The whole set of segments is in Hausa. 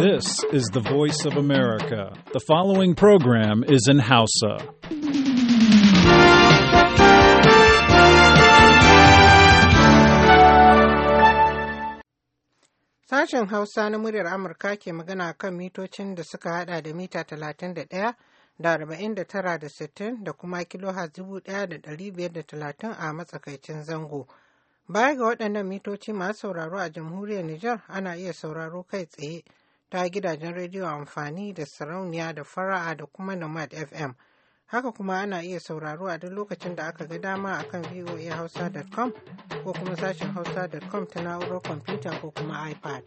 This is the voice of America. The following program is in Hausa. Sashen Hausa na muryar Amurka ke magana kan mitocin da suka hada da mita 31 da 49 da 60 da kuma kilohaz 1530 a matsakaicin zango. Baya ga waɗannan mitoci masu sauraro a jamhuriyar Nijar ana iya sauraro kai tsaye ta gidajen rediyo amfani da sarauniya da fara'a da kuma nomad fm haka kuma ana iya sauraro a duk lokacin da aka ga dama akan voahausa.com ko kuma sashen hausa.com ta na'urar kwamfuta ko kuma ipad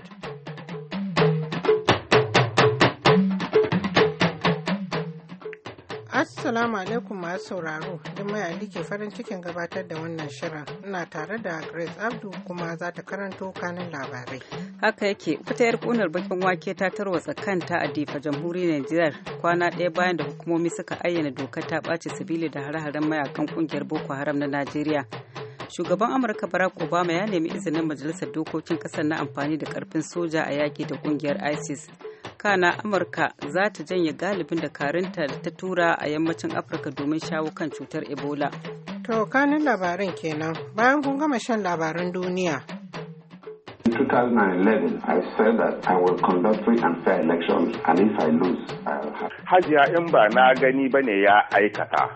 Assalamu alaikum masu sauraro, Jummai Ali ke farin cikin gabatar da wannan shirin. Ina tare da Grace Abdu kuma za ta karanto kanin labarai. Haka yake, wata yar kunar bakin wake ta tarwatsa kanta a Difa Jamhuriyar Nijar kwana ɗaya bayan da hukumomi suka ayyana dokar ta ɓace sabili da hare-haren mayakan ƙungiyar Boko Haram na Najeriya. Shugaban Amurka Barack Obama ya nemi izinin Majalisar Dokokin ƙasar na amfani da ƙarfin soja a yaƙi da ƙungiyar ISIS. na amurka za ta janye galibin dakarunta da ta tura a yammacin afirka domin shawo kan cutar ebola to kanin labarin kenan bayan kun gama shan labarin duniya In 2011, I said that I will conduct free and fair elections, and if I lose, I'll have. Hajiya in ba na gani ba ne ya aikata.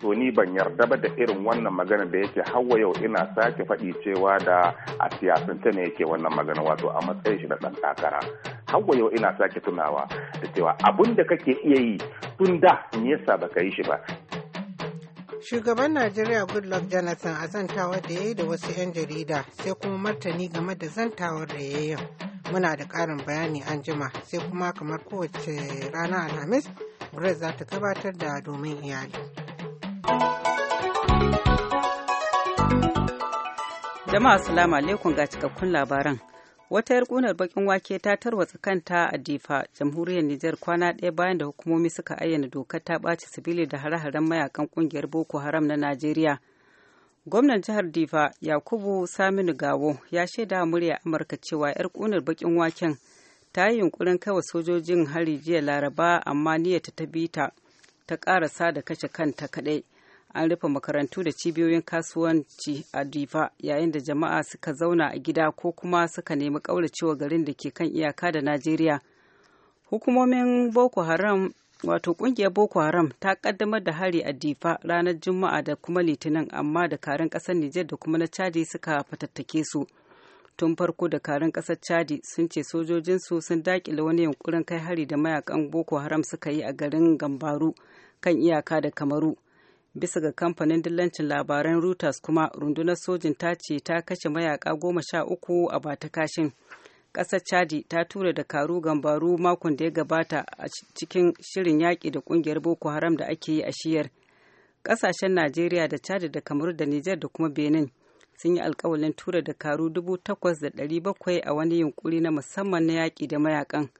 To ni ban yarda ba da irin wannan magana da yake hawa yau ina sake faɗi cewa da a siyasance ne yake wannan magana wato a matsayin shi da ɗan takara. har yau ina sake tunawa da cewa abun da kake iya yi tun da me yasa baka yi shi ba shugaban najeriya goodluck jonathan a zantawa da ya yi da wasu 'yan jarida sai kuma martani game da zantawar da ya yi muna da ƙarin bayani an jima sai kuma kamar kowace rana alhamis grace za ta gabatar da domin iyali jama'a salamu alaikum ga cikakkun labaran wata yar kunar bakin wake ta tarwatsa kanta a difa jamhuriyar nijar kwana ɗaya bayan da hukumomi suka ayyana dokar ta ɓaci sibili da hare-haren mayakan kungiyar boko haram na najeriya gwamnan jihar difa yakubu saminu gawo ya shaida murya amurka cewa yar kunar bakin waken ta yi yunkurin kaiwa sojojin hari jiya laraba amma niyyata ta bi ta ta karasa da kashe kanta kaɗai. an rufe makarantu da cibiyoyin kasuwanci a diva yayin da jama'a suka zauna a gida ko kuma suka nemi ƙauracewa garin da ke kan iyaka da najeriya hukumomin boko haram wato kungiyar boko haram ta kaddamar da hari a difa ranar juma'a da kuma litinin amma dakarun kasar nijar da kuma na chadi suka fatattake su tun farko dakarun kasar chadi sun ce sojojinsu sun dakile wani yunƙurin kai hari da mayakan boko haram suka yi a garin gambaru kan iyaka da kamaru bisa ga kamfanin dillancin labaran reuters kuma rundunar sojin ta ce ta kashe mayaka goma sha uku a bata kashin. ƙasar chadi ta tura da karu gambaru makon da ya gabata a cikin shirin yaƙi da ƙungiyar boko haram da ake yi a shiyar ƙasashen najeriya da chadi da kamar da nijar da kuma benin sun yi alkawalin tura da karu dubu takwas da ɗari bakwai a wani yunkuri na musamman na yaƙi da mayakan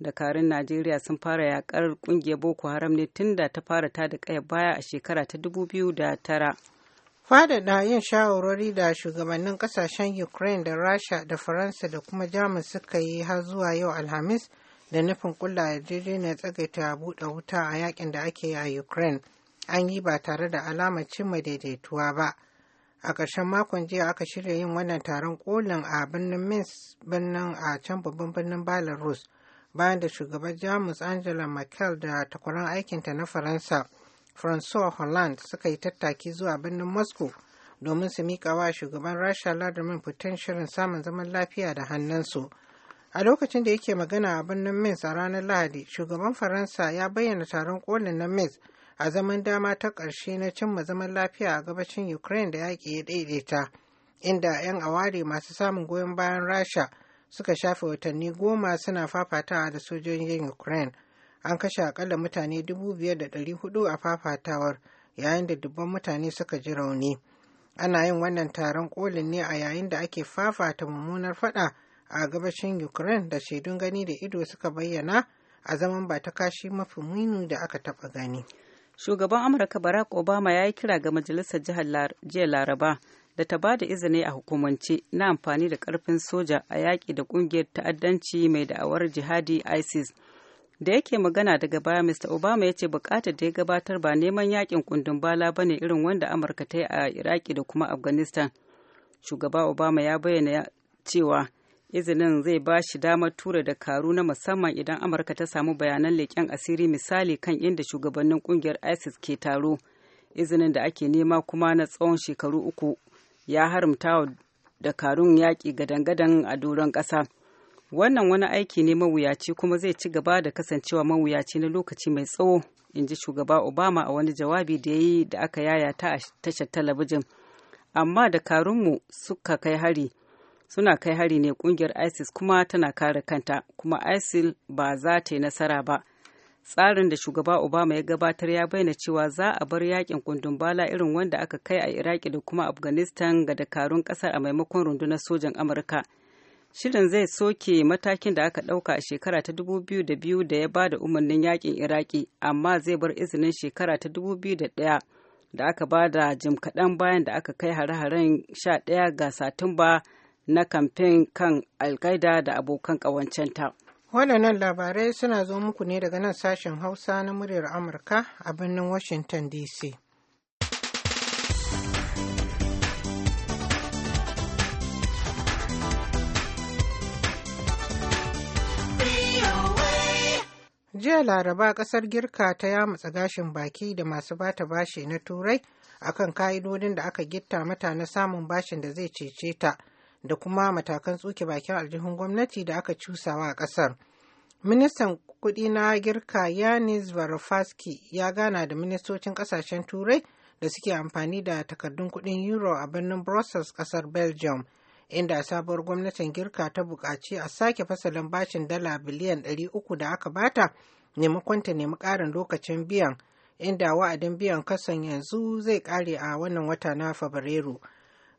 dakarun najeriya sun fara yakar kungiyar boko haram ne tun da ta fara ta da kaya baya a shekara ta 2009 faɗaɗa yin shawarwari da shugabannin kasashen ukraine da rasha da faransa da kuma jamus suka yi har zuwa yau alhamis da nufin kulla yarjejeniyar tsagaita buɗe wuta a yakin da ake yi a ukraine an yi ba tare da alamar cimma daidaituwa ba a ƙarshen makon jiya aka shirya yin wannan taron kolin a birnin minsk birnin a can babban birnin belarus bayan da shugaban jamus angela merkel da takwaran aikinta na faransa francois hollande suka yi tattaki zuwa birnin moscow domin su miƙa wa shugaban rasha ladamin fitan shirin samun zaman lafiya da hannunsu a lokacin da yake magana a birnin mins a ranar lahadi shugaban faransa ya bayyana taron kolin na mins a zaman dama ta ƙarshe na cimma zaman lafiya a gabashin ukraine da yaƙi ya daidaita inda 'yan aware masu samun goyon bayan rasha suka shafe watanni goma suna fafatawa da sojojin ukraine an kashe akalla mutane hudu a fafatawar yayin da dubban mutane suka ji rauni ana yin wannan taron kolin ne a yayin da ake fafata mummunar fada a gabashin ukraine da shaidun gani da ido suka bayyana a zaman ba ta kashi mafi muni da aka taba gani shugaban amurka barack obama ya yi kira ga majalisar jihar jiya laraba da ta ba da izini a hukumance na amfani da karfin soja a yaƙi da ƙungiyar ta'addanci mai da'awar jihadi isis da yake magana daga baya mr obama ya ce bukatar da ya gabatar ba neman yakin kundin bala ba ne irin wanda amurka ta yi a iraki da kuma afghanistan shugaba obama ya bayyana cewa izinin zai ba shi damar tura da karu na musamman idan amurka ta samu bayanan leƙen asiri misali kan inda shugabannin ƙungiyar isis ke taro izinin da ake nema kuma na tsawon shekaru uku ya haramta wa dakarun yaƙi gadan-gadan a doron ƙasa wannan wani aiki ne mawuyaci kuma zai ci gaba da kasancewa mawuyaci na lokaci mai tsawo in ji shugaba obama a wani jawabi da ya yi da aka yayata a tashar talabijin amma dakarunmu suka kai hari suna kai hari ne kungiyar isis kuma tana kare kanta kuma isil ba za ta yi nasara ba tsarin da shugaba obama ya gabatar ya bayyana cewa za a bar yakin kundin bala irin wanda aka kai a iraki da kuma afghanistan ga dakarun kasar a maimakon rundunar sojan amurka shirin zai soke matakin da aka ɗauka a shekara ta 2002 da ya ba da umarnin yakin iraki amma zai bar izinin shekara ta 2001 da aka ba da jim kaɗan bayan da aka kai hare-haren 11 ga satumba na kamfen kan alkaida da abokan ƙawancenta. Waɗannan labarai suna zo muku ne daga nan sashen Hausa na muryar Amurka a birnin Washington DC. Jiya Laraba ƙasar Girka ta yamutsa gashin baki da masu bata bashi na Turai akan ka'idodin da aka gitta mata na samun bashin da zai cece ta. da kuma matakan tsuke bakin aljihun gwamnati da aka cusawa a kasar. Ministan kuɗi na girka Yanis Varoufakis ya gana da ministocin ƙasashen Turai da suke amfani da takardun kuɗin euro a birnin Brussels ƙasar Belgium, inda sabuwar gwamnatin girka ta buƙaci a sake fasalin bashin dala biliyan 300 da aka bata maimakon ta nemi ƙarin lokacin biyan, inda wa'adin biyan kasan yanzu zai ƙare a wannan wata na Fabrairu.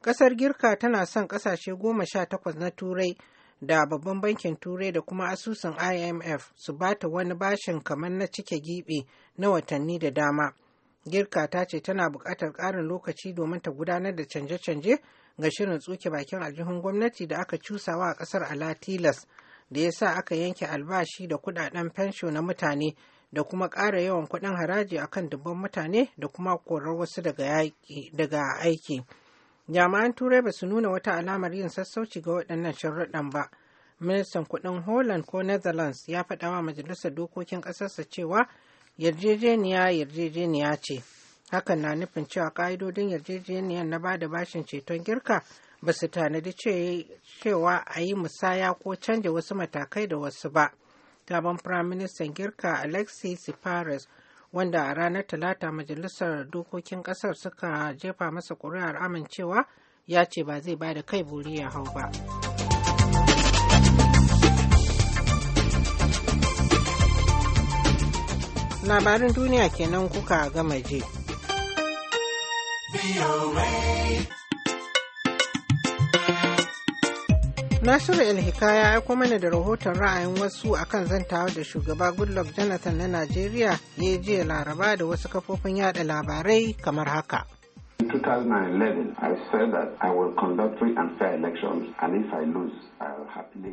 Ƙasar Girka tana son ƙasashe goma sha takwas na Turai da Babban Bankin Turai da kuma asusun IMF su bata wani bashin kamar na cike giɓi na watanni da dama. Girka ta ce tana buƙatar ƙarin lokaci domin ta gudanar da canje-canje ga shirin tsuke bakin aljihun gwamnati da aka cusawa a ƙasar Alatilas da ya sa aka yanke albashi da kuɗaɗen fensho na mutane da kuma ƙara yawan kuɗin haraji akan dubban mutane da kuma korar wasu daga aiki. jami'an turai ba su nuna wata alamar yin sassauci ga waɗannan sharuɗan ba ministan kuɗin holland ko netherlands ya faɗa wa majalisar dokokin ƙasarsa cewa yarjejeniya yarjejeniya ce hakan na nufin cewa ƙa'idodin yarjejeniyar na bada bashin ceton girka ba su tanadi cewa a yi musaya ko canja wasu matakai da wasu ba. Gaban Firaministan Girka Alexis Tsipras wanda a ranar talata majalisar dokokin kasar suka jefa masa kuri'ar amincewa ya ce ba zai ba da kai buri ya hau ba labarin duniya kenan kuka gama je. Nasiru elhika ya aiko mana da rahoton ra'ayin wasu akan zantawa da shugaba Goodluck Jonathan na Najeriya ya jiya laraba da wasu kafofin yada labarai kamar haka. In 2011, I said that I will conduct free and fair elections, and if I lose,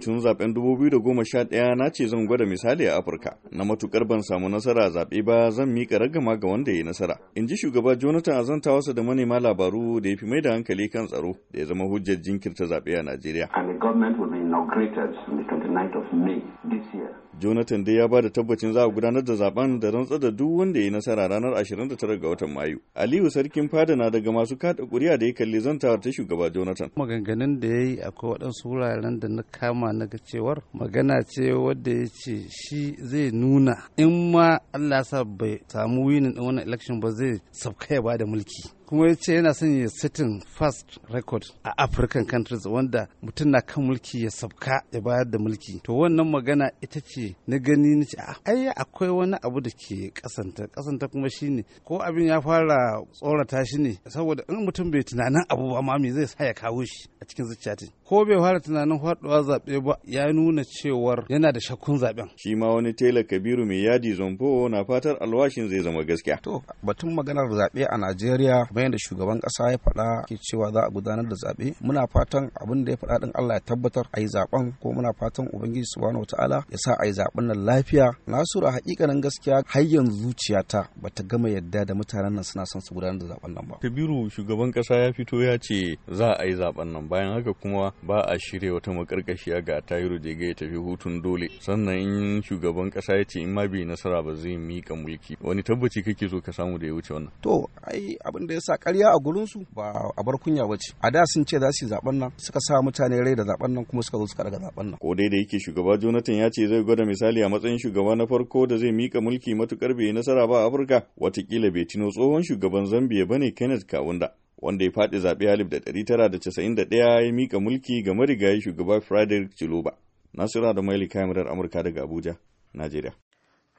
Tun zaben 2011 na ce zan gwada misali a Afirka, na matukar ban samu nasara zaɓe ba zan miƙa ragama ga wanda ya nasara. In ji shugaba Jonathan Azantawarsa da manema labaru da ya fi mai da hankali kan tsaro da ya zama hujjar jinkirta zaɓe a Najeriya. And the government will be inaugurated on the 29 of May this year. Jonathan dai ya ba da tabbacin za a gudanar da zaben da rantsar da duk wanda ya yi nasara ranar 29 ga watan Mayu. Aliyu sarkin fada na daga masu kada kuri'a da ya kalli zantawar ta shugaba Jonathan. Maganganun da ya yi akwai waɗansu wuraren da na kama na ga cewar magana ce wadda ya ce shi zai nuna in ma Allah sa bai samu winin ɗin wannan election ba zai sabka ya ba da mulki. kuma ya ce yana son ya setin fast record a african countries wanda mutum na kan mulki ya sabka ya bayar da mulki to wannan magana ita ce na gani na ce ah, ai akwai wani abu da ke kasanta kasanta kuma shine ko abin ya fara tsorata shi ne saboda in mutum bai tunanin abu ba ma me zai sa ya kawo shi a cikin zuciya ko bai fara tunanin faduwa zaɓe ba ya nuna cewar yana da shakkun zaɓen shi ma wani tela kabiru mai yadi zombo na fatar alwashin zai zama gaskiya to batun maganar zaɓe a najeriya kamar yadda shugaban kasa ya faɗa ke cewa za a gudanar da zaɓe muna fatan abin da ya faɗa din Allah ya tabbatar a yi zaɓen ko muna fatan ubangiji subhanahu wataala ya sa a yi zaɓen nan lafiya nasiru a hakikanin gaskiya har yanzu zuciyata ta gama yadda da mutanen nan suna son su gudanar da zaɓen nan ba kabiru shugaban kasa ya fito ya ce za a yi zaɓen nan bayan haka kuma ba a shirya wata makarkashiya ga tayiru ga ya tafi hutun dole sannan in shugaban kasa ya ce in ma bai nasara ba zai mika mulki wani tabbaci kake so ka samu da ya wuce wannan to ai abin da yasa ƙarya a gurinsu ba a bar kunya ba ce a da sun ce za su yi zaben nan suka sa mutane rai da zaben nan kuma suka zo suka daga zaben nan ko dai da yake shugaba Jonathan ya ce zai gwada misali a matsayin shugaba na farko da zai mika mulki matukar bai nasara ba a Afirka watakila bai tino tsohon shugaban Zambia bane Kenneth kawunda wanda ya faɗi zaɓe halib da tara casa'in daya ya mika mulki ga marigayi shugaba Frederick Chiloba. Nasira da Maili kamarar Amurka daga Abuja, Najeriya.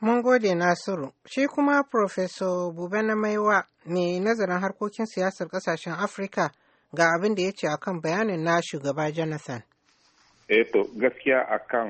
Mun gode Nasiru, shi kuma Profeso Bube na Maiwa mai nazarin harkokin siyasar kasashen Afirka ga abin da ya ce akan bayanin na shugaba Jonathan. Eh to gaskiya akan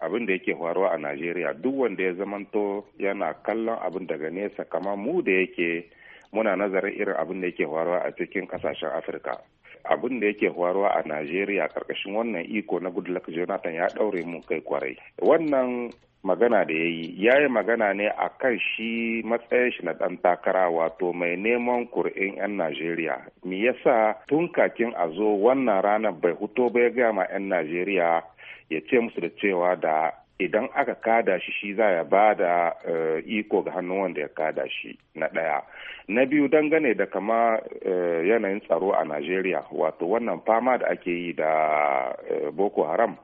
abin da yake faruwa a Najeriya duk wanda ya zamanto yana kallon abin daga nesa kama mu da yake muna nazarin irin abin da yake faruwa a cikin kasashen Afirka. abin da yake faruwa a Najeriya karkashin wannan iko na Goodluck Jonathan ya daure mun kai kwarai. Wannan magana da ya yi ya yi magana ne a kan shi matsayin shi na ɗan takara wato mai neman kur'in 'yan najeriya me yasa tun kakin a zo wannan ranar bai huto bai gama 'yan najeriya ya ce musu da cewa da idan aka kada shi shi za ya ba da eh, iko ga hannun wanda ya kada shi na ɗaya na biyu dangane da kama eh, yanayin tsaro a najeriya wato wannan fama da ake yi da eh, boko haram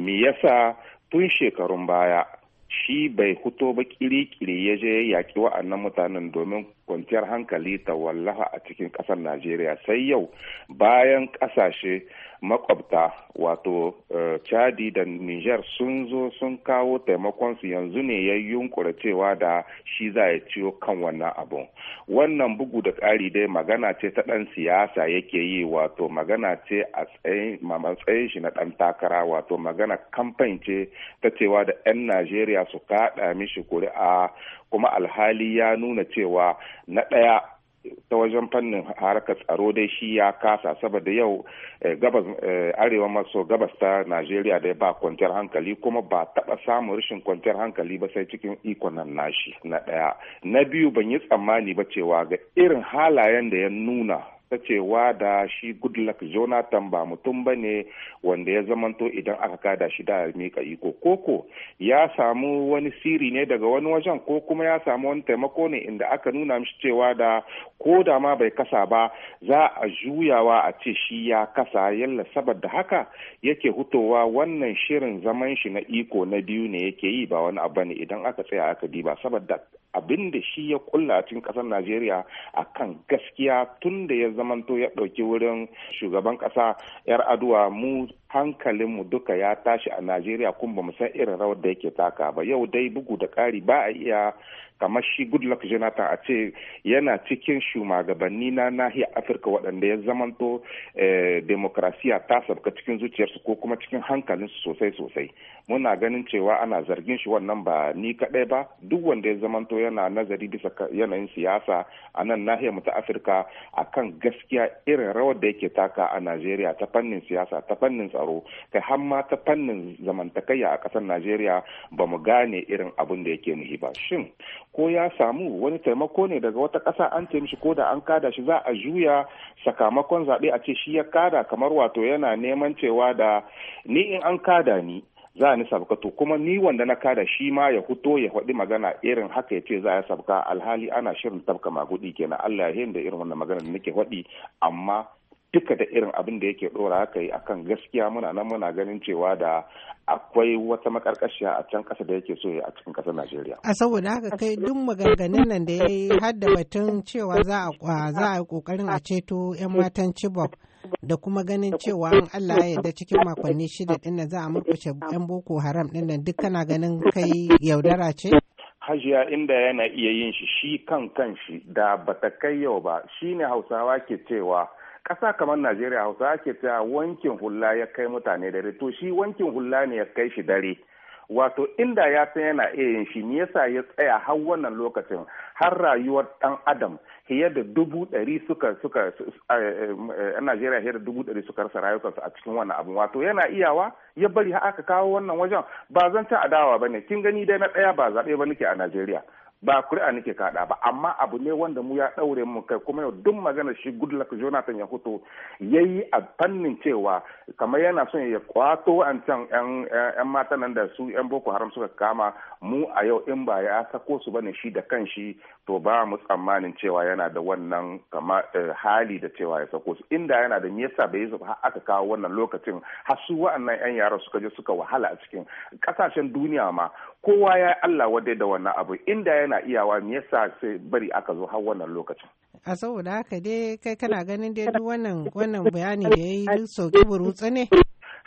me yasa tun shekarun baya shi bai huto ba kiri-kiri ya je yaƙi wa'annan mutanen domin kwanciyar hankali ta wallafa a cikin ƙasar najeriya sai yau bayan ƙasashe makwabta wato eh, chadi da niger sun zo sun kawo taimakonsu yanzu ne ya yunkura cewa da shi za ya ciyo kan wannan abun wannan bugu da ƙari dai magana ce ta ɗan siyasa yake yi wato magana ce a matsayin shi na ɗan takara wato magana kamfan ce ta cewa da 'yan najeriya su kaɗa mishi kuri'a kuma alhali ya nuna cewa na ɗaya ta wajen fannin harkar tsaro dai shi ya kasa saboda yau eh, gabas eh, arewa maso gabas ta najeriya dai ba kwanciyar hankali kuma ba taba samun rashin kwanciyar hankali ba sai cikin ikonan nashi na daya na biyu ban yi tsammani ba cewa ga irin halayen da ya nuna ta cewa da shi goodluck jonathan ba mutum ba ne wanda ya zamanto idan aka kada shi da mika iko koko ya samu wani siri ne daga wani wajen ko kuma ya samu wani taimako ne inda aka nuna mishi cewa da ko da ma bai kasa ba za a juyawa a ce shi ya kasa yalla saboda haka yake hutowa wannan shirin zaman shi na iko na biyu ne yake yi ba wani abu ne idan aka tsaya aka diba saboda abin da shi ya kulla a cikin kasar najeriya kan gaskiya tun da ya zamanto ya ɗauki wurin shugaban ƙasa yar aduwa mu mu duka ya tashi a najeriya kun ba mu san irin rawar da yake taka ba yau dai bugu da ƙari ba a iya kamar shi goodluck jonathan a ce yana cikin shugabanni na nahiyar afirka waɗanda ya zamanto eh, demokrasiya ta sabka cikin zuciyarsu ko kuma cikin hankalinsu sosai sosai muna ganin cewa ana zargin shi wannan ba ni kaɗai ba duk wanda ya zamanto yana nazari bisa yanayin siyasa a nan nahiyar mu ta afirka akan gaskiya irin rawar da yake taka a najeriya ta fannin siyasa ta fannin tsaro kai har ma ta fannin zamantakayya a kasar najeriya ba mu gane irin abin da yake nuhi ba shin ko ya samu wani taimako ne daga wata kasa an ce mishi ko da an kada shi za a juya sakamakon zaɓe a ce shi ya kada kamar wato yana neman cewa da ni in an kada ni za ni to kuma ni wanda na kada shi ma ya huto ya faɗi magana irin haka ya ce za ya sabka alhali ana shirin tabka magudi kenan Allah ya hinda irin wannan magana da nake faɗi amma duka da irin abin da yake dora haka yi akan gaskiya muna nan muna ganin cewa da akwai wata makarkashiya a can kasa da yake so ya a cikin kasar Najeriya. A saboda haka kai duk maganganun nan da ya yi da batun cewa za a za a kokarin a ceto 'yan matan Chibok da kuma ganin cewa an Allah ya yarda cikin makonni shida din za a murkushe 'yan Boko Haram din nan duk kana ganin kai yaudara ce? hajiya inda yana iya yin shi shi kan kan shi da bata kai yau ba shine hausawa ke cewa ƙasa kamar najeriya hausa ake ta wankin hula ya kai mutane dare to shi wankin hula ne ya kai shi dare wato inda ya san yana iya yin shi ne yasa ya tsaya har wannan lokacin har rayuwar ɗan adam fiye da dubu ɗari suka suka a eh, eh, eh, najeriya fiye da dubu ɗari suka rasa rayukansu a cikin wannan abin wato yana iyawa ya bari har aka kawo wannan wajen ba zan ci adawa ba ne kin gani dai na ɗaya ba zaɓe ba nake a najeriya ba kuri'a nake kada ba amma abu ne wanda mu ya daure mu kai kuma yau duk magana shi goodluck jonathan ya fito yayi a fannin cewa kamar yana son ya kwato can yan mata nan da su yan boko haram suka kama mu a yau in ba ya sako su bane shi da kanshi to ba mu tsammanin cewa yana da wannan eh, hali da cewa ya sako su inda yana da me bai yi har aka kawo wannan lokacin har su wa'annan yan yara suka je suka wahala a cikin kasashen duniya ma kowa ya Allah wadai da wannan abu inda yana iyawa me yasa sai bari aka zo har wannan lokacin a saboda haka dai kai kana ganin dai duk wannan wannan bayani da yayi duk sauki burutsa ne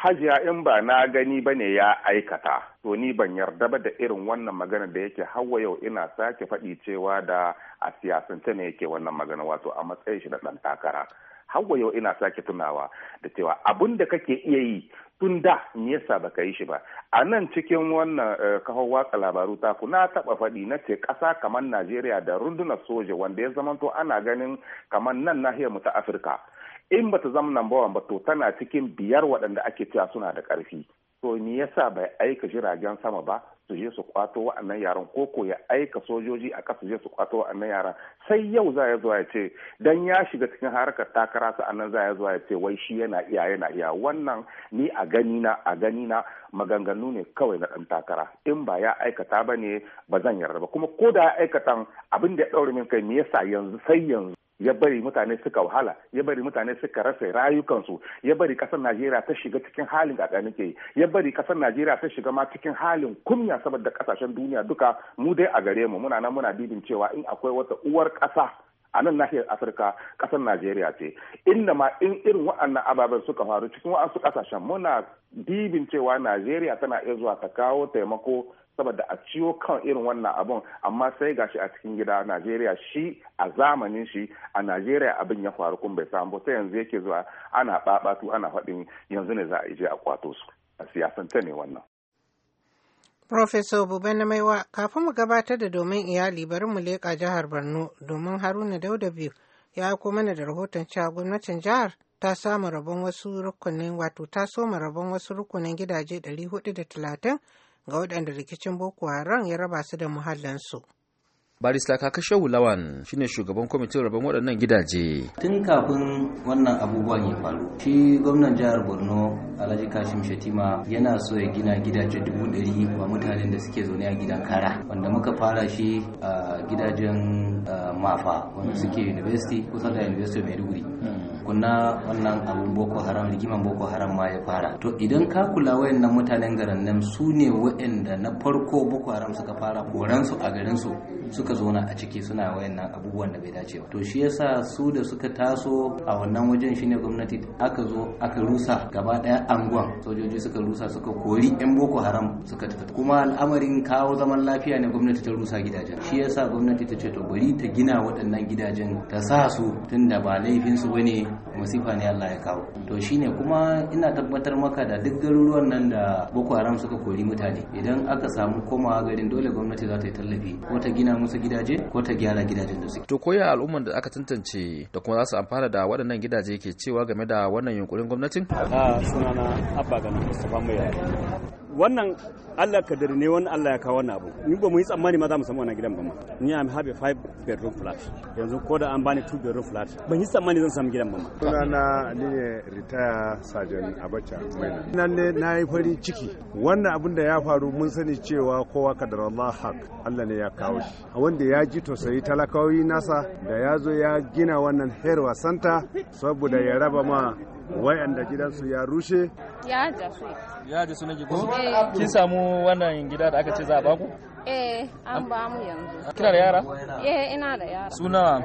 hajiya in ba na gani ba ne ya aikata to ni ban yarda ba da irin wannan magana da yake hawa yau ina sake faɗi cewa da a siyasance ne yake wannan magana wato a matsayin shi da ɗan takara hawa yau ina sake tunawa da cewa abin da kake iya yi tun da me yasa baka yi shi ba a nan cikin wannan eh, kafar watsa labaru ta na taba faɗi na ce ƙasa kamar najeriya da rundunar soja wanda ya zama to ana ganin kamar nan nahiyar mu ta afirka in bata zama nan ba to tana cikin biyar waɗanda ake cewa suna da ƙarfi to me yasa bai aika jiragen sama ba su je su kwato wa'annan yaran ko ko ya aika sojoji a ƙasa je su kwato wa'annan yaran sai yau za ya zuwa ya ce dan ya shiga cikin harkar takara sa'annan za ya zuwa ya ce wai shi yana iya yana iya wannan ni a gani na a gani na maganganu ne kawai na ɗan takara in ba ya aikata ba ne ba zan yarda ba kuma ko da ya aikata abin da ya ɗaure min kai me yasa yanzu sai yanzu ya bari mutane suka wahala ya bari mutane suka rasa rayukansu ya bari kasar najeriya ta shiga cikin halin gaganin ke ya bari kasar najeriya ta shiga ma cikin halin kunya saboda kasashen duniya duka mu dai a gare mu muna nan muna bibin cewa in akwai wata uwar kasa a nan nahiyar afirka kasar najeriya ce inda ma in irin waɗannan ababen suka faru cikin wa'ansu kasashen muna bibin cewa najeriya tana iya zuwa ta kawo taimako saboda a ciwo kan irin wannan abun amma sai gashi a cikin gida Najeriya shi a zamanin shi a Najeriya abin ya faru kun bai samu sai yanzu yake zuwa ana babatu ana faɗin yanzu ne za a je a kwato su a siyasanta ne wannan Professor na Maiwa, kafin mu gabatar da domin iyali bari mu leƙa jihar Borno domin Haruna Dauda biyu ya aiko mana da rahoton cewa gwamnatin jihar ta samu rabon wasu rukunin wato ta soma rabon wasu rukunin gidaje 430 ga waɗanda rikicin Boko Haram ya raba su da muhallansu. barista kaka shehu lawan shine shugaban kwamitin rabon waɗannan gidaje tun kafin wannan abubuwan ya faru shi gwamnan jihar borno alhaji kashim shatima yana so ya gina gidaje dubu ɗari wa mutanen da suke zaune a gidan kara wanda muka fara shi a gidajen mafa wanda suke university kusa da university maiduguri hmm. kuna wannan abun boko haram rigiman boko haram ma ya fara to idan ka kula wayannan mutanen garin nan su ne wayanda na farko boko haram suka fara su a garin su suka zauna a ciki suna wayannan abubuwan da bai dace ba to shi yasa su da suka taso a wannan wajen shine gwamnati aka zo aka rusa gaba daya anguwan sojoji suka rusa suka kori yan boko haram suka tafi kuma al'amarin kawo zaman lafiya ne gwamnati ta rusa gidajen shi yasa gwamnati ta ce to bari ta gina waɗannan gidajen ta sa su tunda ba laifin su bane masifa ne Allah ya kawo to shine kuma ina tabbatar maka da duk garuruwan nan da Boko Haram suka kori mutane idan aka samu komawa garin dole gwamnati za ta yi tallafi ko ta gina musu gidaje ko ta gyara gidajen da suke to koya al'umman da aka tantance da kuma za su amfana da waɗannan gidaje ke cewa game da wannan yunkurin gwamnatin a ah, sunana abba gani mustafa mai wannan Allah kadari ne wannan Allah ya kawo wannan abu ni ba mu yi tsammani ma za mu samu wannan gidan ba ma ni am have a 5 bedroom flat yanzu ko da an bani 2 bedroom flat ban yi tsammani zan samu gidan ba ma sunana ni ne retire sergeant abacha mai nan ne na yi farin ciki wannan abin da ya faru mun sani cewa kowa kadar Allah hak Allah ne ya kawo shi wanda ya ji tausayi talakawi nasa da ya zo ya gina wannan herwa santa saboda ya raba ma wayanda gidansu ya rushe ya su. ya na nake su? Eh. kin samu wannan gida da aka ce za a baku eh an ba mu yanzu kina da yara eh ina da yara suna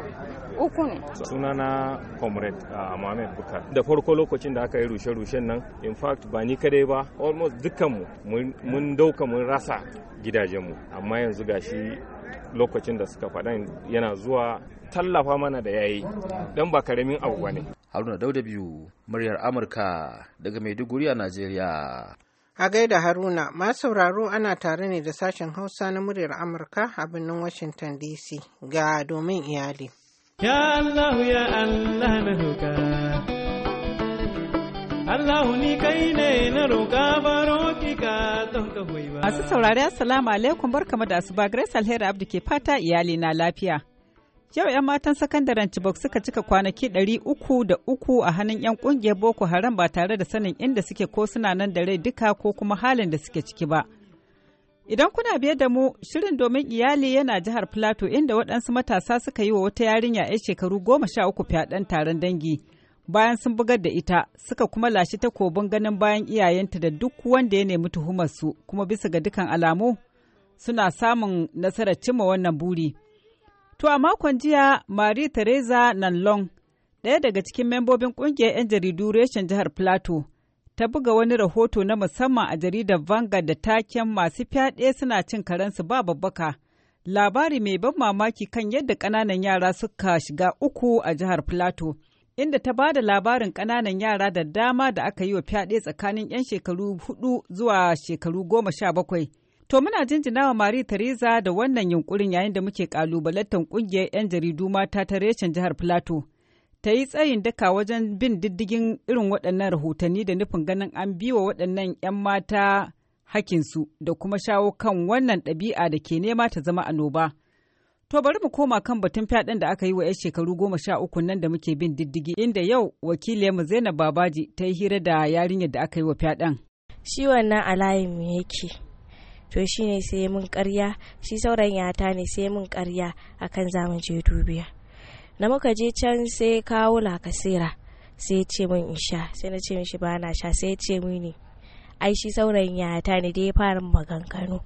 uku ne suna na comrade a ah, mohamed bukar da farko lokacin da aka yi rushe-rushen nan in fact ba ni kadai ba almost dukkanmu mun dauka mun rasa gidajenmu amma yanzu gashi lokacin da suka faɗa yana zuwa tallafa mana da yayi dan ba karamin abu bane haruna dauda biyu muryar amurka daga maiduguri a najeriya a gaida haruna ma sauraro ana tare ne da sashen hausa na muryar amurka a birnin washington dc ga domin iyali ya allahu ya allah na roka allahu ni kai ne na roka baro don ka masu saurari assalamu alaikum barkama da asuba grace alheri abdu ke fata iyali na lafiya Yau 'yan matan sakandaren Chibok suka cika kwanaki ɗari uku da uku a hannun 'yan ƙungiyar Boko Haram ba tare da sanin inda suke ko suna nan da rai duka ko kuma halin da suke ciki ba. Idan kuna biye da mu, shirin domin iyali yana jihar Plateau inda waɗansu matasa suka yi wa wata yarinya 'yan shekaru goma sha uku fyaɗen taron dangi. Bayan sun bugar da ita, suka kuma lashi kobin ganin bayan iyayenta da duk wanda ya nemi tuhumarsu, kuma bisa ga dukan alamu suna samun nasarar cimma wannan buri. To a makon jiya, Marie Theresa Nanlong, ɗaya daga cikin membobin ƙungiyar 'yan jaridu reshen jihar Plateau, ta buga wani rahoto na musamman a jaridar Vanga da taken masu fyaɗe suna cin karensu ba babbaka. Labari mai ban mamaki kan yadda ƙananan yara suka shiga uku a jihar Plateau, inda ta ba da labarin ƙananan yara da dama da aka yi wa fyaɗe tsakanin 'yan shekaru hudu zuwa shekaru goma sha bakwai. To muna jinjinawa Marie Theresa da wannan yunkurin yayin da muke kalubalantar kungiyar 'yan jaridu mata ta reshen jihar Plateau. Ta yi tsayin daka wajen bin diddigin irin waɗannan rahotanni da nufin ganin an bi wa waɗannan 'yan mata hakinsu da kuma shawo kan wannan ɗabi'a da ke nema ta zama annoba. To bari mu koma kan batun fyaɗen da aka yi wa 'yan shekaru goma sha uku nan da muke bin diddigi inda yau wakiliyarmu Zainab Babaji ta yi hira da yarinyar da aka yi wa fyaɗen. Shi wannan mu yake. to ne sai mun karya shi sauran yata ne sai mun karya akan zamu je dubiya na muka je can sai kawo lakasira sai ce mun in sha sai na ce mishi ba na sha sai ce ne ai shi sauran yata ne da ya fara maganganu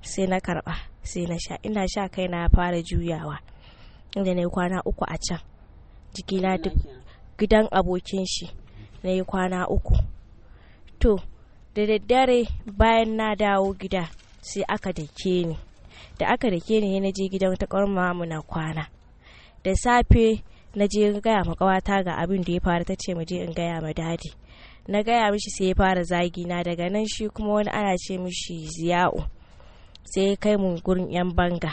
sai na karba sai na sha ina sha kai na fara juyawa inda na yi kwana uku a can jikina duk gidan abokin shi na yi kwana uku to da daddare bayan na dawo gida sai aka dake ni da aka dake ni na je gidan ta mu na kwana da safe na je gaya ma kawata ga abin da ya fara ta ce in gaya ma dadi na gaya mishi sai ya fara zagi na daga nan shi kuma wani ana ce mishi ziya'u sai ya kai mu gurin yan banga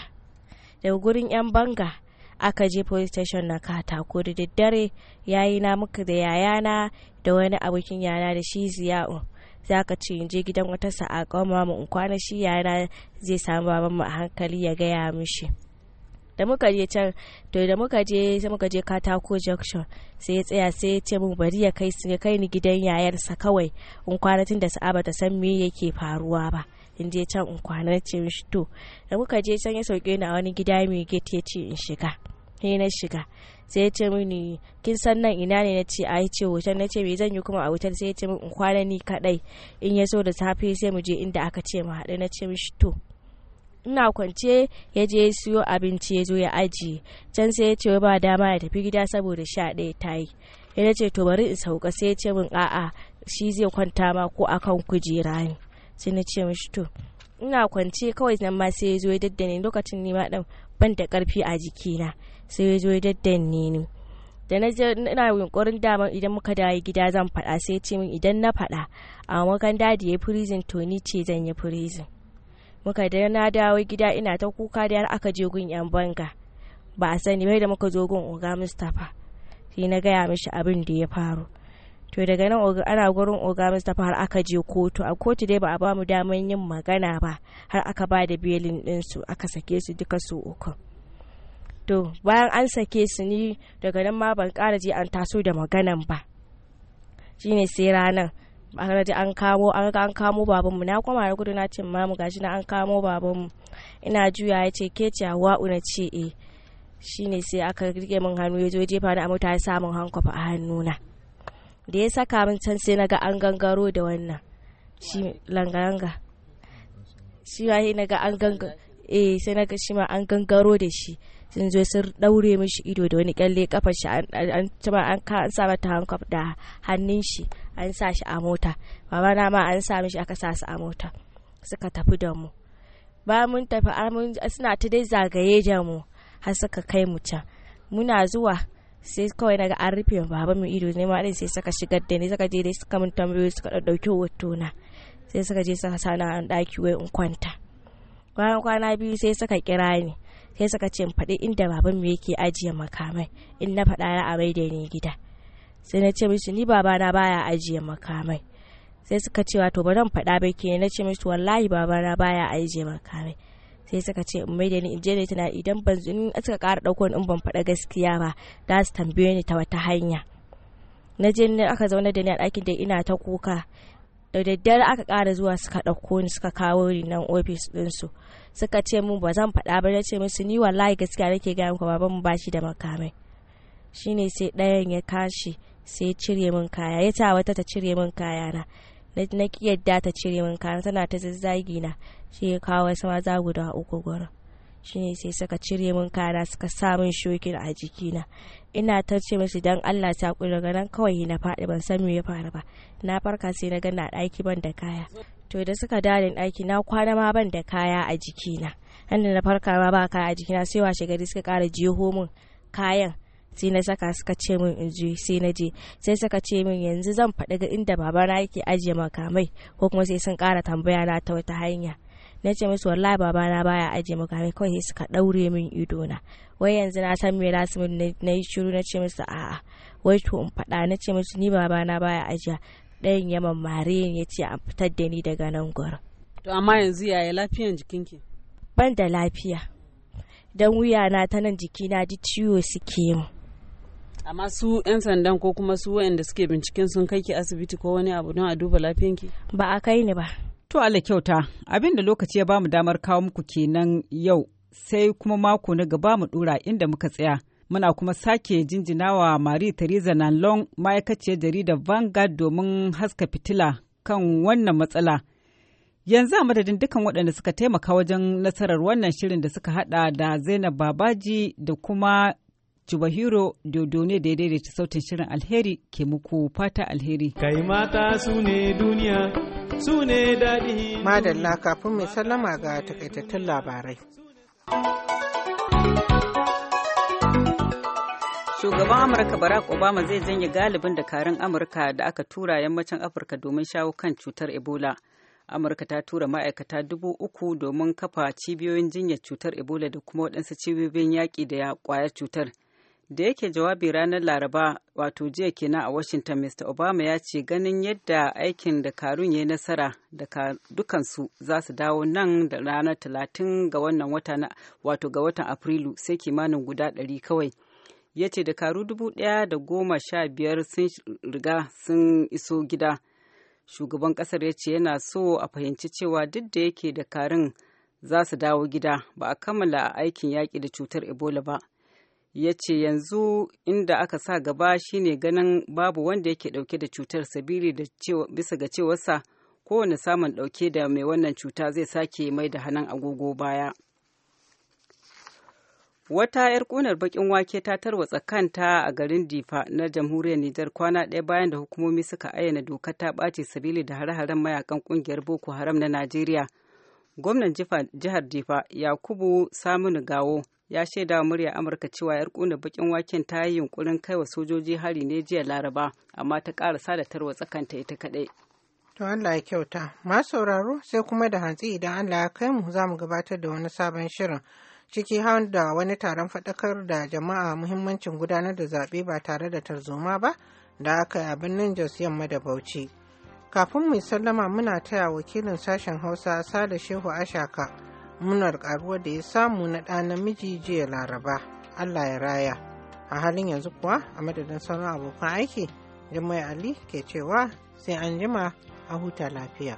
daga gurin yan banga aka je police station na katako da daddare yayi na muka da yayana da wani abokin yana da shi ziya'u za ka ce je gidan wata sa'a kawai mu in kwana shi yara zai samu baban mu a hankali ya gaya mishi da muka je can to da muka je sai muka je katako junction sai ya tsaya sai ya ce mun bari ya kai ya kai ni gidan yayarsa kawai in kwana tun da sa'a bata san me yake faruwa ba in je can in kwana ce mishi to da muka je can ya sauke ni a wani gida mai gate ya ce in shiga sai na shiga sai ya ce mini kin san nan ina ne na ce a ce hotel na ce me zan yi kuma a hotel sai ya ce min in kwana ni kadai in ya so da safe sai mu je inda aka ce mu haɗu na ce mishi to ina kwance ya je ya siyo abinci ya zo ya ajiye can sai ya ce ba dama ya tafi gida saboda sha ɗaya ta yi ya ce to bari in sauka sai ya ce min a'a shi zai kwanta ma ko akan kujera ne sai na ce mishi to ina kwance kawai nan ma sai zo ya daddane lokacin ni ma dan ban da karfi a jikina sai ya zo ya daddane ni da na je ina yunkurin dama idan muka dawo gida zan faɗa sai ce min idan na faɗa a makan dadi ya prison to ni ce zan yi prison muka da na dawo gida ina ta kuka da har aka je gun yan banga ba a sani bai da muka zo gun oga mustapha sai na gaya mishi abin da ya faru to daga nan ana gurin oga mustapha har aka je kotu a kotu dai ba a bamu mu daman yin magana ba har aka ba da belin ɗinsu aka sake su duka su uku to bayan an sake su ni daga nan ma ban ƙara je an taso da maganan ba shine sai ranar an an kamo an an kamo babanmu na koma da gudu na ce mamu gashi na an kamo babanmu ina juya ya ce ke ce wa'u na ce e eh. shine sai aka rike min hannu ya zo jefa ni a mota ya samun hankofa a hannuna da ya saka min can sai naga an gangaro da wannan shi langa-langa shi ma na ga an gangaro eh sai naga shi ma an gangaro da shi sun zo sun daure mishi ido da wani kyalle kafar shi an cima an an sa mata hankaf da hannun shi an sa shi a mota mama na ma an sa mishi aka sa su a mota suka tafi da mu ba mun tafi suna ta dai zagaye da mu har suka kai mu can muna zuwa sai kawai naga an rufe baba mai ido ne ma sai suka shigar da ni suka je dai suka min tambayoyi suka ɗauke hoto na sai suka je suka sana an daki wai in kwanta bayan kwana biyu sai suka kira ni sai suka ce faɗi inda baban mu yake ajiye makamai in na faɗa na amai da ni gida sai na ce musu ni babana baya ajiye makamai sai suka ce wato ba zan faɗa ba ke na ce musu wallahi babana baya ajiye makamai sai suka ce in mai da ni in je tunani idan ban in suka kara dauko in ban faɗa gaskiya ba za su tambaye ni ta wata hanya na je ne aka zauna da ni a ɗakin da ina ta kuka da daddare aka kara zuwa suka dauko ni suka kawo ni nan ofis su suka ce mun ba zan faɗa ba na ce musu ni wallahi gaskiya nake ga muku baban mu bashi da makamai shine sai ɗayan ya kashi sai cire min kaya ya ta wata ta cire min kaya na na yadda ta cire min kayan tana ta zazzagi na shi ya kawo wasu maza guda uku gurin shine sai suka cire min kaya suka sa min shokin a jikina ina ta ce musu dan Allah ta kuri nan kawai na faɗi ban san me ya faru ba na farka sai na ga na ɗaki ban da kaya to da suka dalin ɗaki na kwana ma ban da kaya a jikina yadda na farka ma ba kaya a jikina sai washe gari suka kara jeho min kayan sai na saka suka ce min in je sai na je sai suka ce min yanzu zan faɗi ga inda babana yake ajiye makamai ko kuma sai sun ƙara tambaya na ta wata hanya na ce musu wallahi babana baya ajiye makamai kawai sai suka ɗaure min ido na wai yanzu na san me lasu min na yi shiru na ce musu a'a wai to in faɗa na ce musu ni babana baya ajiya ɗayan ya mamare ni ya ce an fitar da ni daga nan gurin. to amma yanzu yaya lafiyan jikinki ban da lafiya don wuya na ta nan jikina ji ciwo suke mu amma su 'yan sandan ko kuma su waɗanda suke binciken sun kai ki asibiti ko wani abu don a duba lafiyanki ba a kai ni ba to Allah kyauta abin da lokaci ya bamu damar kawo muku kenan yau sai kuma mako na gaba mu dura inda muka tsaya muna kuma sake jinjinawa Marie Theresa Nanlong ma'aikaciyar jaridar Vanguard domin haska fitila kan wannan matsala. Yanzu a madadin dukan waɗanda suka taimaka wajen nasarar wannan shirin da suka hada da Zainab Babaji da kuma Chubahiro Dodo ne da ya daidaita sautin shirin alheri ke muku fata alheri. Kai mata su ne duniya, su ne daɗi. Madalla kafin mai sallama ga takaitattun labarai. Shugaban Amurka Barack Obama zai janye galibin dakarun Amurka da aka tura yammacin Afirka domin shawo kan cutar Ebola. amurka ta tura ma'aikata dubu uku domin kafa cibiyoyin jinyar cutar ebola da kuma waɗansu cibiyoyin yaƙi da ya kwaya cutar da yake jawabi ranar laraba wato jiya kenan a washington mr obama ya ce ganin yadda aikin da karun ya yi nasara da dukansu za su dawo nan da ranar talatin ga wannan wata wato ga watan afrilu sai kimanin guda ɗari kawai ya ce dakaru dubu ɗaya da goma sha biyar sun riga sun iso gida shugaban ƙasar ya ce yana so a fahimci cewa duk da yake dakarun za su dawo gida ba a kammala aikin yaƙi da cutar ebola ba ya ce yanzu inda aka sa gaba shine ganin babu wanda yake dauke da cutar sabili da bisa ga cewarsa kowane samun dauke da mai wannan cuta zai sake mai da hannun agogo baya wata 'yar kunar bakin wake ta tarwatsa kanta a garin difa na jamhuriyar nijar kwana ɗaya bayan da hukumomi suka ayyana doka ta ɓace sabili da hare-haren mayakan ƙungiyar boko haram na najeriya gwamnan jihar difa yakubu saminu gawo ya shaida wa murya amurka cewa yar kuna bakin waken ta yi yunkurin kaiwa sojoji hari ne jiya laraba amma ta ƙara da tarwa tsakanta ita kaɗai to allah ya kyauta ma sauraro sai kuma da hantsi idan allah ya kai mu za mu gabatar da wani sabon shirin ciki har da wani taron faɗakar da jama'a muhimmancin gudanar da zaɓe ba tare da tarzoma ba da aka yi a birnin jos yamma da bauchi kafin mu sallama muna taya wakilin sashen hausa sada shehu ashaka munar karuwa da ya samu na ɗa namiji jiya laraba allah ya raya a halin yanzu kuwa a madadin sauran abokan aiki jimai ali ke cewa sai an jima a huta lafiya.